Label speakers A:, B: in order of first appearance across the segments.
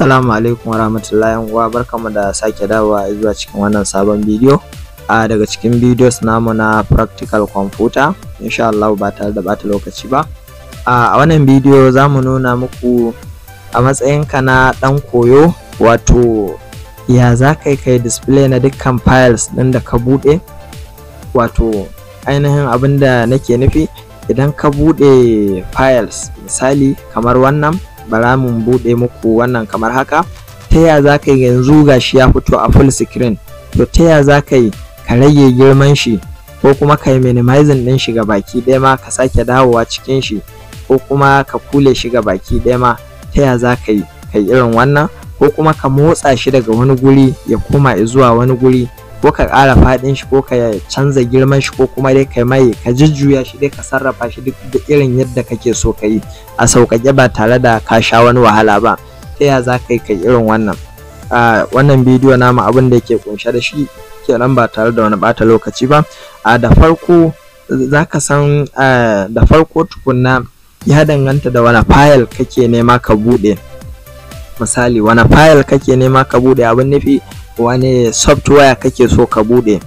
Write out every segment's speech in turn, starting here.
A: Assalamu alaikum warahmatullahi wa barkamu da sake dawowa zuwa cikin wannan sabon bidiyo a daga cikin videos namu na practical computer insha Allah ba tare da bata lokaci ba a wannan bidiyo za mu nuna muku a matsayin ka na dan koyo wato ya za ka kai display na dukkan files ɗin da ka bude wato ainihin abin da nake nufi idan ka bude files misali kamar wannan bara mun buɗe muku wannan kamar haka ta ya za ka yanzu gashi ya fito a full screen to ta ya za ka ka rage girman shi ko kuma ka yi minimizing ɗin shi ga baki ɗaya ma ka sake dawowa cikin shi ko kuma ka kule shi ga baki ɗaya ma ta ya za ka yi irin wannan ko kuma ka motsa shi daga wani guri ya koma zuwa wani guri ko ka ƙara faɗin shi ko ka canza girman shi ko kuma dai kai mai ka jujjuya shi dai ka sarrafa shi duk da irin yadda kake so ka yi a sauƙaƙe ba tare da ka sha wani wahala ba ta ya za ka yi kai irin wannan wannan bidiyo namu abin da yake kunshe da shi kenan ba tare da wani ɓata lokaci ba a da farko za ka san da farko tukunna ya danganta da wani fayil kake nema ka buɗe misali wani fayil kake nema ka buɗe abin nufi wani software kake so ka bude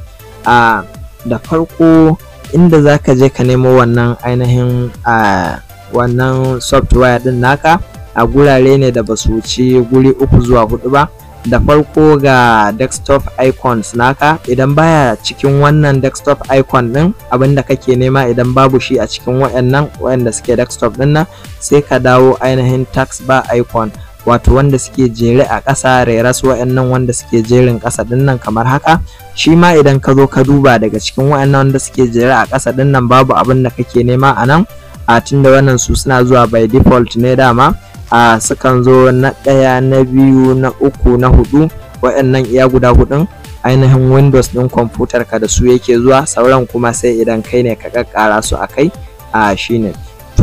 A: a da farko inda za ka je ka nemo wannan ainihin a wannan software din naka a gurare ne da ba su wuci guri uku zuwa hudu ba da farko ga desktop icons naka idan baya cikin wannan desktop icon din abinda kake nema idan babu shi a cikin wayannan wayanda suke desktop din nan sai ka dawo ainihin taskbar bar icon wato wanda suke jere a ƙasa rera su wa'annan wanda suke jerin ƙasa dinnan kamar haka shi ma idan ka zo ka duba daga cikin wa'annan wanda suke jere a ƙasa dinnan babu abin da kake nema a nan a tunda wannan su suna zuwa by default ne dama a sukan zo na ɗaya na biyu na uku na hudu wa'annan iya guda hudun ainihin windows ɗin kwamfutar ka da su yake zuwa sauran kuma sai idan kai ne ka ƙaƙƙara su a kai a shine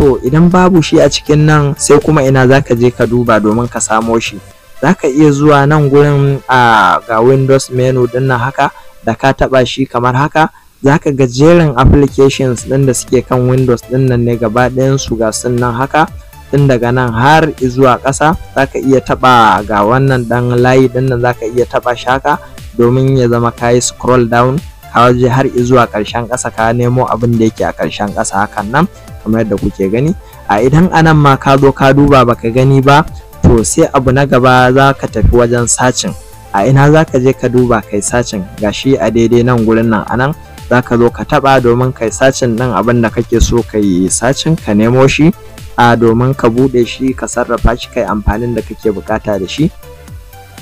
A: to idan babu shi a cikin nan sai kuma ina zaka je ka duba domin ka samo shi zaka iya zuwa nan gurin a ga windows menu din haka da ka taba shi kamar haka zaka ka ga jerin applications din da suke kan windows din nan ne gaba ɗayan su ga sunan haka tun daga nan har zuwa ƙasa zaka iya taɓa ga wannan dan layi ɗin nan za ka iya taɓa shaka domin ya zama ka yi scroll down har har zuwa ƙarshen ƙasa ka nemo abin da yake a ƙarshen ƙasa hakan nan kamar yadda kuke gani a idan anan ma ka zo ka duba baka gani ba to sai abu na gaba za ka tafi wajen sacin a ina za ka je ka duba kai sacin gashi a daidai nan gurin nan anan za ka zo ka taɓa domin kai sacin nan? abin da kake so ka sacin ka nemo shi a domin ka buɗe shi ka sarrafa shi kai amfanin da kake bukata da shi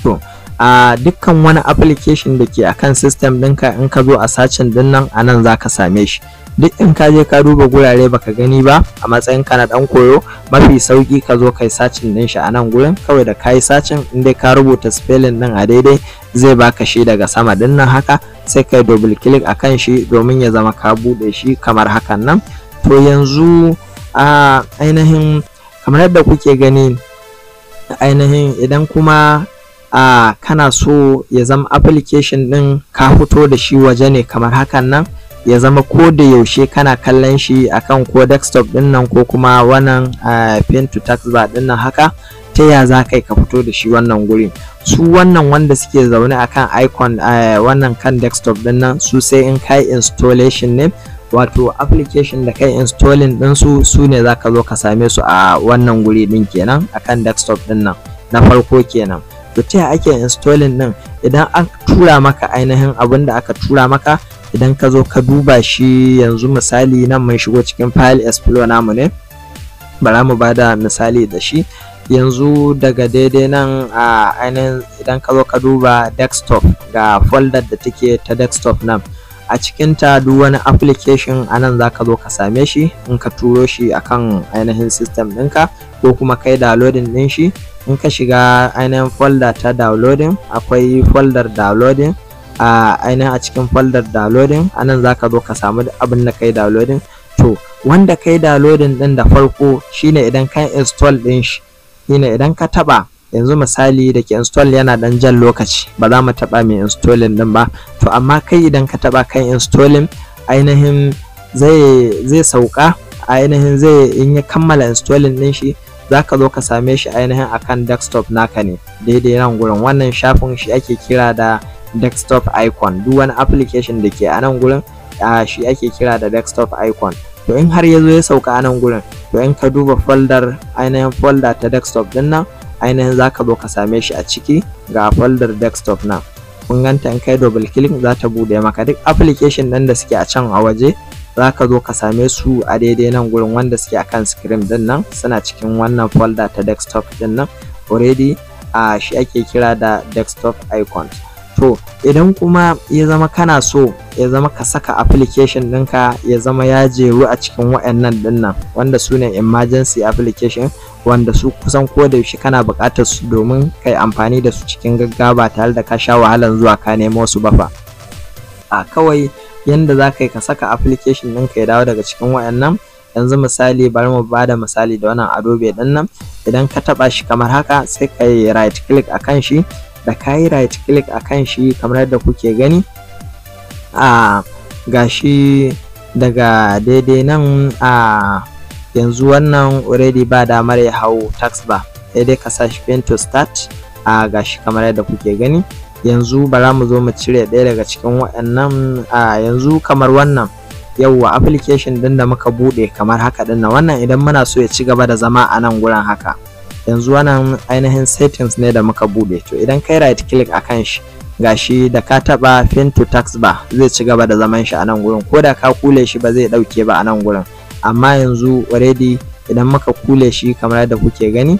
A: to a dukkan wani application da ke akan system ɗinka in ka zo a sacin din nan a nan za ka same shi duk in ka je ka duba gurare baka gani ba a matsayin ka na ɗan koyo mafi sauki ka zo kai sacin din shi a nan gurin kawai da kai sacin in dai ka rubuta spelling din a daidai zai baka shi daga sama din nan haka sai kai double click akan shi domin ya zama ka bude shi kamar hakan nan to yanzu a ainihin kamar yadda kuke gani ainihin idan kuma a kana so ya zama application ɗin ka fito da shi waje ne kamar hakan nan ya zama ko da yaushe kana kallon shi akan ko desktop ɗin nan ko kuma wannan pen to tax bar ɗin nan haka ta ya za kai ka fito da shi wannan guri su wannan wanda suke zaune akan icon wannan kan desktop din nan su sai in kai installation ne wato application da kai installing din su su ne za ka zo ka same su a wannan guri din kenan akan desktop din nan na farko kenan to ta ake installing nan idan an tura maka ainihin abin da aka tura maka idan ka zo ka duba shi yanzu misali nan mun shigo cikin file explorer namu ne bara mu bada misali da shi yanzu daga daidai nan a ainihin idan ka zo ka duba desktop ga folder da take ta desktop nan a cikin ta duk wani application anan zaka zo ka same shi in ka turo shi a kan ainihin system ɗinka ko kuma kai downloading ɗin shi in ka shiga ainihin folder ta downloading akwai folder downloading a ainihin a cikin folder downloading anan zaka zo ka samu abin da kai downloading to wanda kai downloading ɗin da farko shine idan ka install ɗin shi shine idan ka taɓa yanzu misali da ke install yana dan jan lokaci ba za mu taba mai installing din ba to amma kai idan ka taba kan installing ainihin zai sauka ainihin zai in ya kammala installing din shi za ka zo ka same shi ainihin akan desktop naka ne daidai nan gurin wannan shafin shi ake kira da desktop icon duk wani application da ke a nan gurin shi ake kira da desktop icon to in har ya ya sauka a nan gurin to in ka duba folder ainihin folder ta desktop din nan ainihin za ka zo ka same shi a ciki ga folder desktop nan kun in kai double click za ta bude maka duk application ɗin da suke a can a waje za ka zo ka same su a daidai nan gurin wanda suke a kan screen ɗin nan suna cikin wannan folder ta desktop ɗin nan already a shi ake kira da desktop icons to idan kuma ya zama kana so ya zama ka saka application ɗinka ya zama ya jeru a cikin wayannan dinnan wanda su ne emergency application wanda su kusan ko da yaushe kana buƙatar su domin kai amfani da su cikin gaggawa ba tare da ka sha wahalan zuwa ka nemo su ba fa a kawai yanda za ka yi ka saka application ɗinka ya dawo daga cikin wayannan, yanzu misali bari mu bada misali da wannan adobe ɗin nan idan ka taɓa shi kamar haka sai ka yi right click a kan shi da ka yi right click a kan shi kamar yadda kuke gani a gashi daga daidai nan a yanzu wannan already ba damar ya hau tax ba sai dai ka sa shi pin to start a gashi kamar yadda kuke gani yanzu ba za mu zo mu cire ɗaya daga cikin waɗannan a yanzu kamar wannan yauwa application din da muka buɗe kamar haka din na wannan idan muna so ya ci gaba da zama a nan gurin haka yanzu wannan ainihin settings ne da muka bude to idan kai right click akan shi gashi da ka taba fin to tax bar zai ci gaba da zaman shi a nan gurin ko da ka kule shi ba zai dauke ba a nan gurin amma yanzu already idan muka kule shi kamar yadda kuke gani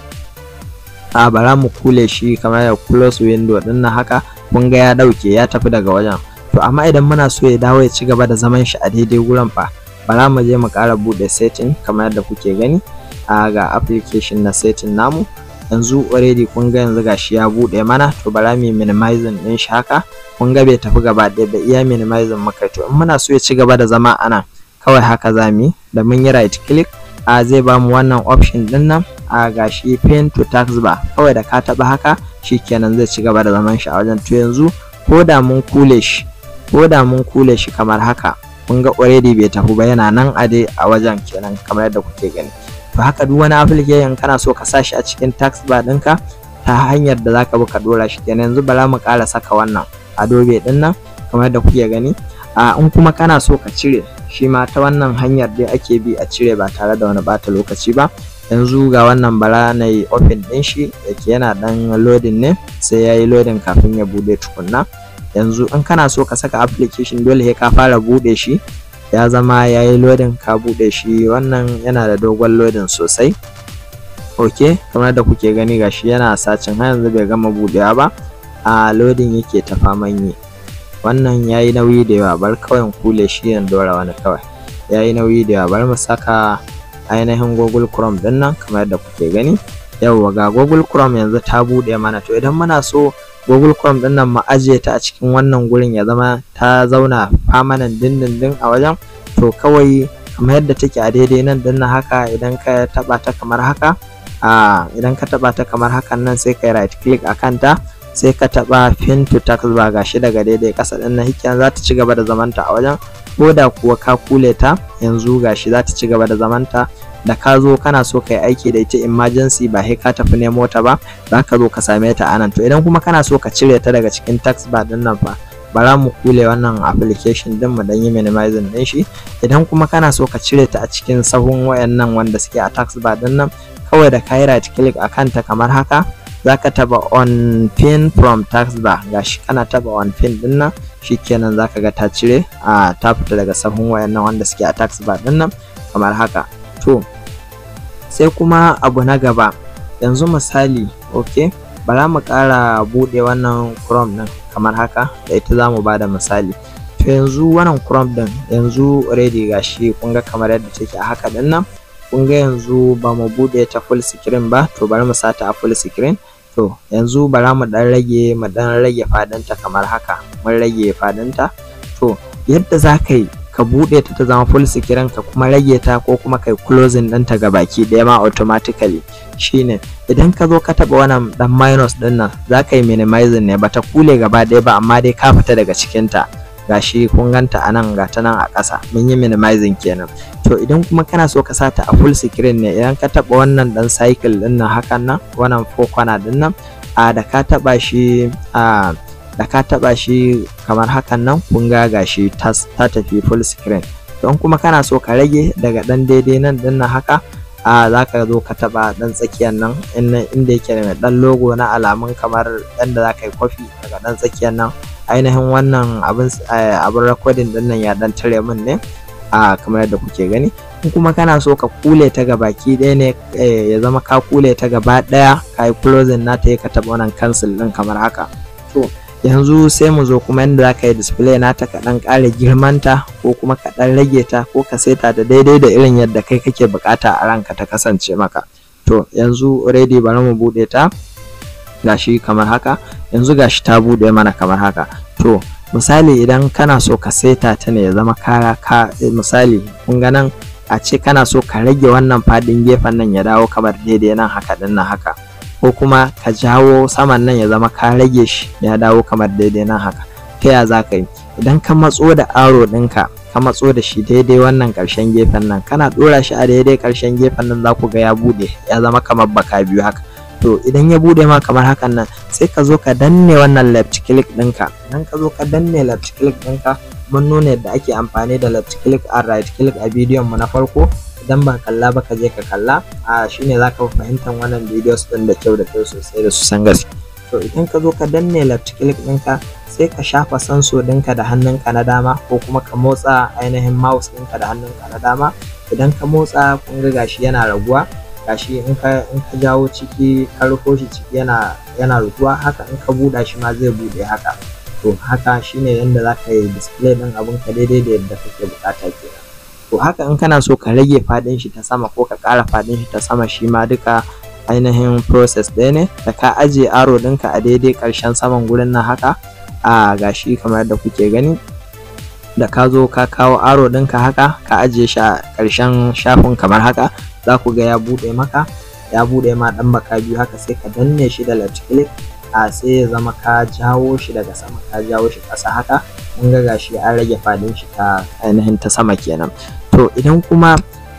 A: a bara mu kule shi kamar yadda close window din nan haka kun ga ya dauke ya tafi daga wajen to amma idan muna so ya dawo ya ci gaba da zaman shi a daidai gurin fa bara mu je mu kara bude setting kamar yadda kuke gani a ga application na setting namu yanzu already kun ga yanzu gashi ya bude mana to bara mu minimizing din shi haka kun ga bai tafi gaba ɗaya ba iya minimizing muka to in muna so ya ci gaba da zama ana kawai haka za mu da mun yi right click a zai ba mu wannan option din nan a gashi pin to tax bar kawai da ka taba haka shikenan zai ci gaba da zaman shi a wajen to yanzu ko da mun kule shi ko da mun kule shi kamar haka kun ga already bai tafi ba yana nan a dai a wajen kenan kamar yadda kuke gani to haka duk wani application kana so ka sashi a cikin tax bar ɗinka ta hanyar da zaka bi ka dora shi kenan yanzu bara mu kara saka wannan adobe din nan kamar da kuke gani a in kuma kana so ka cire shi ma ta wannan hanyar dai ake bi a cire ba tare da wani bata lokaci ba yanzu ga wannan bara na yi open ɗin shi yake yana dan loading ne sai ya yi loading kafin ya bude tukunna yanzu in kana so ka saka application dole sai ka fara bude shi ya zama ya yi lodin ka buɗe shi wannan yana da dogon lodin sosai ok kamar da kuke gani ga shi yana sacin har yanzu bai gama buɗewa ba a lodin yake tafa faman wannan ya yi nauyi da yawa bar kawai kule shi yan dora wani kawai ya yi nauyi da yawa bar mu saka ainihin google chrome din nan kamar da kuke gani yauwa ga google chrome yanzu ta buɗe mana to idan muna so google chrome din nan mu ajiye ta a cikin wannan gurin ya zama ta zauna permanent dindindin a wajen to kawai kamar yadda take a daidai nan din haka idan ka taba ta kamar haka a idan ka taba ta kamar hakan nan sai ka right click a kanta sai ka taba pin to ba gashi daga daidai kasa din nan hikiyan za ta ci gaba da zamanta a wajen ko da kuwa ka kule ta yanzu gashi za ta ci gaba da zamanta da ka zo kana so ka yi aiki da ita emergency ba sai ka tafi nemo ta ba za ka zo ka same ta anan to idan kuma kana so ka cire ta daga cikin tax bar din nan fa za mu kule wannan application din mu dan yi minimizing din shi idan kuma kana so ka cire ta a cikin sahun wayannan wanda suke a tax bar din nan kawai da ka yi right click akan ta kamar haka za ka taba on pin from tax bar gashi kana taba on pin din nan shikenan za ka ga ta cire a ta fita daga sahun wayannan wanda suke a tax bar din nan kamar haka to sai kuma abu na gaba yanzu misali ok bara mu kara bude wannan chrome din kamar haka da ita za mu ba da misali to yanzu wannan chrome ɗin yanzu ready gashi kun ga kamar yadda take a haka ɗin nan kun ga yanzu ba mu bude ta full screen ba to bari mu sata a full screen to yanzu bara mu ɗan rage mu ɗan rage faɗinta kamar haka mun rage faɗinta to yadda za ka yi ka buɗe ta ta zama full screen ka kuma rage ta ko kuma kai closing ɗinta ga baki ɗaya ma automatically shine idan ka zo ka taɓa wannan ɗan minus ɗin nan za ka yi minimizing ne ba ta kule gaba ɗaya ba amma dai ka fita daga cikin ta gashi kun ganta a nan ga ta nan a ƙasa mun yi minimizing kenan to idan kuma kana so ka sata a full screen ne idan ka taba wannan ɗan cycle ɗin nan hakan nan wannan four corner ɗin nan a da ka taba shi a da ka taɓa shi kamar hakan nan kun ga gashi ta tafi full screen don kuma kana so ka rage daga ɗan daidai nan nan haka a za ka zo ka taba ɗan tsakiyar nan inda yake da ɗan logo na alamun kamar ɗan da za ka yi kwafi daga ɗan tsakiyar nan ainihin wannan abin abin rekodin din nan ya ɗan tare min ne a kamar yadda kuke gani in kuma kana so ka kule ta ga baki ɗaya ne e, ya zama ka kule ta gaba ɗaya ka yi closing na ta yi ka taɓa wannan cancel ɗin kamar haka to yanzu sai mu zo kuma yadda za ka yi display nata ka kaɗan ƙara girmanta ko kuma ka ɗan rage ta ko ka saita da daidai da irin yadda kai kake bukata a ranka ta kasance maka to yanzu already bari mu bude ta gashi kamar haka yanzu gashi ta bude mana kamar haka to misali idan kana so ka saita ta ne ya zama kara ka misali kun ga nan a ce kana so ka rage wannan fadin gefen nan ya dawo kamar daidai nan haka dinnan haka ko kuma ka jawo saman nan ya zama ka rage shi ya dawo kamar daidai nan haka ta ya za ka yi idan ka matso da aro ɗinka ka matso da shi daidai wannan ƙarshen gefen nan kana ɗora shi a daidai ƙarshen gefen nan za ku ga ya buɗe ya zama kamar baka biyu haka to idan ya buɗe ma kamar hakan nan sai ka zo ka danne wannan left click ɗinka idan ka zo ka danne left click ɗinka mun nuna yadda ake amfani da left click and right click a bidiyon mu na farko idan ba kalla ba ka je ka kalla a ne za ka fahimtar wannan videos ɗin da kyau da kyau sosai da su san gaske to idan ka zo ka danne left click ɗinka sai ka shafa sanso ɗinka da hannunka na dama ko kuma ka motsa ainihin mouse ɗinka da hannunka na dama idan ka motsa kun ga gashi yana raguwa gashi in ka in ka jawo ciki ka rufo shi ciki yana yana rufuwa haka in ka buɗa shi ma zai buɗe haka to haka shine yadda za ka yi display ɗin abinka daidai da yadda kake buƙata kenan to haka in kana so ka rage faɗin shi ta sama ko ka kara faɗin shi ta sama shi ma duka ainihin process ɗaya ne da ka ajiye aro ɗinka a daidai ƙarshen saman gurin nan haka a gashi kamar yadda kuke gani da ka zo ka kawo aro ɗinka haka ka ajiye shi a ƙarshen shafin kamar haka za ku ga ya buɗe maka ya buɗe ma ɗan baka biyu haka sai ka danne shi da left click a sai ya zama ka jawo shi daga sama ka jawo shi ƙasa haka kun ga gashi an rage fadin shi ta ainihin ta sama kenan to idan kuma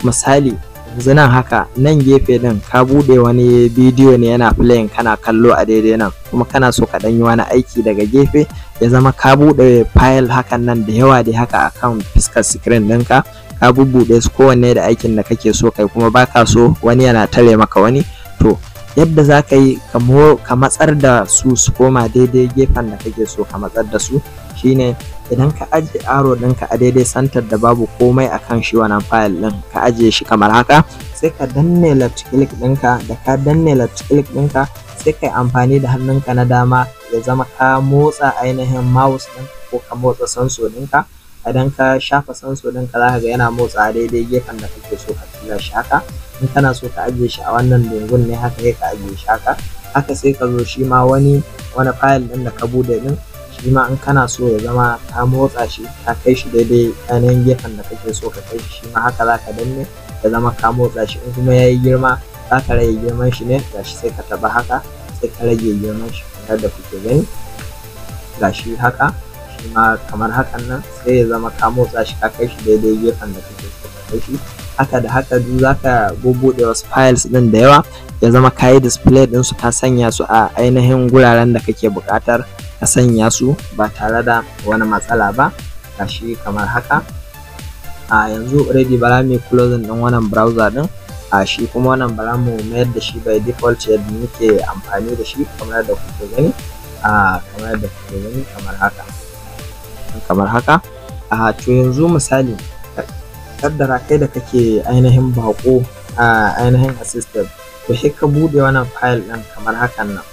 A: misali yanzu nan haka nan gefe din ka bude wani bidiyo ne yana playing kana kallo a daidai nan kuma kana so ka yi wani aiki daga gefe ya zama ka bude file hakan nan da yawa dai haka akan fiskar screen ɗinka ka buɗe su kowanne da aikin da kake so kai kuma baka so wani yana tare maka wani to yadda za ka yi ka matsar da su su koma daidai gefen da kake so ka matsar da su shine idan ka ajiye aro ɗinka a daidai santar da babu komai a kan shi wannan fayil ɗin ka ajiye shi kamar haka sai ka danne left ɗinka da ka danne left ɗinka sai ka yi amfani da hannunka na dama ya zama ka motsa ainihin mouse ɗin ko ka motsa sanso ɗinka idan ka shafa sanso ɗinka za ka ga yana motsa daidai gefen da kake so ka tura shi haka in kana so ka ajiye shi a wannan dungun ne haka sai ka ajiye shi haka haka sai ka zo shi ma wani wani fayil ɗin da ka bude ɗin ma in kana so ya zama ka motsa shi ka kai shi daidai ainihin gefen da kake so ka kai shi shi ma haka za ka danne ya zama ka motsa shi in kuma ya yi girma za ka rage girman shi ne gashi sai ka taɓa haka sai ka rage girman shi kamar da kuke gani gashi haka shi ma kamar hakan nan sai ya zama ka motsa shi ka kai shi daidai gefen da kake so ka kai shi haka da haka duk za ka bubuɗe wasu files ɗin da yawa ya zama ka yi display ɗinsu ka sanya su a ainihin guraren da kake buƙatar ka sanya su ba tare da wani matsala ba Shi kamar haka a yanzu already bara mai closing din wannan browser din a shi kuma wannan bara mu mayar da shi by default yadda muke amfani da shi kamar da kuke gani a kamar da kuke gani kamar haka kamar haka a to yanzu misali kaddara kai da kake ainihin bako a ainihin assistant to sai ka bude wannan file din kamar hakan nan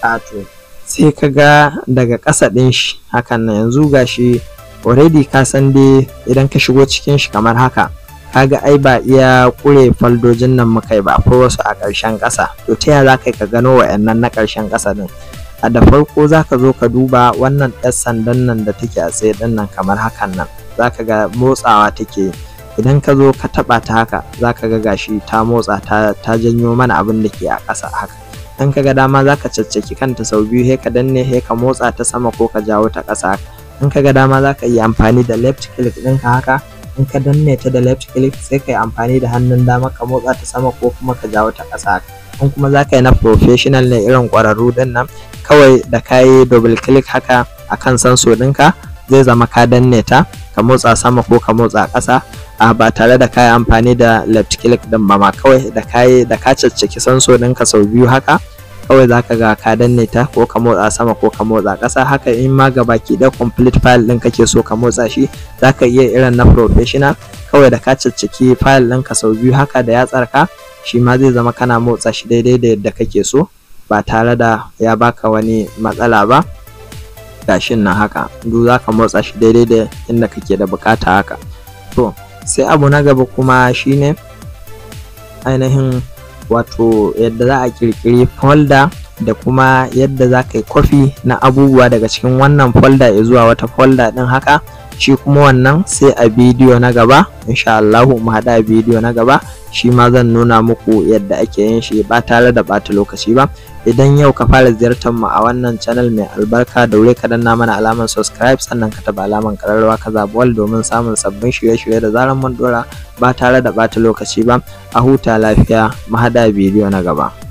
A: a to sai ka ga daga ƙasa ɗin shi hakan na yanzu gashi already ka san dai idan ka shigo cikin shi kamar haka kaga ai ba iya kure faldojin nan muka yi ba akwai wasu a ƙarshen ƙasa to ta yaya za ka ka gano wa'annan na ƙarshen ƙasa din a da farko za ka zo ka duba wannan ɗan sandan nan da take a tsaye ɗin nan kamar hakan nan za ka ga motsawa take idan ka zo ka taɓa ta haka za ka ga gashi ta motsa ta janyo mana abin da ke a ƙasa haka in ka ga dama za ka caccaki kanta sau biyu he ka danne he ka motsa ta sama ko ka jawo ta ƙasa in ka ga dama za ka yi amfani da left click ɗinka haka in ka danne ta da left click sai ka yi amfani da hannun dama ka motsa ta sama ko kuma ka jawo ta ƙasa in kuma za ka yi na professional ne irin ƙwararru din nan kawai da ka yi double click haka akan sanso ɗinka zai zama ka danne ta ka motsa sama ko ka motsa ƙasa a ah, ba tare da kayi amfani da left click din ba ma kawai da kayi da ka caccaki sanso ka sau biyu haka kawai za ka ga ka danne ta ko ka motsa sama ko ka motsa ƙasa haka in ma ga baki da complete file din kake so ka motsa shi za ka iya irin na professional kawai da ka fayil file ka sau biyu haka da yatsar ka shi ma zai zama kana motsa shi daidai da yadda kake so ba tare da ya baka wani matsala ba gashin na haka duk za ka motsa shi daidai da inda kake da bukata haka to sai abu na gaba kuma shine ainihin wato yadda za a kirkiri folder da kuma yadda za ka yi kwafi na abubuwa daga cikin wannan folder ya zuwa wata folder din haka shi kuma wannan sai a bidiyo na gaba insha Allahu mu hada bidiyo na gaba shi ma zan nuna muku yadda ake yin shi ba tare da bata lokaci ba idan yau ka fara ziyartar mu a wannan channel mai albarka da wuri ka danna mana alamar subscribe sannan ka taba alamar kararrawa ka zabi wal domin samun sabbin shirye-shirye da zarar mun dora ba tare da bata lokaci ba a huta lafiya mu haɗa bidiyo na gaba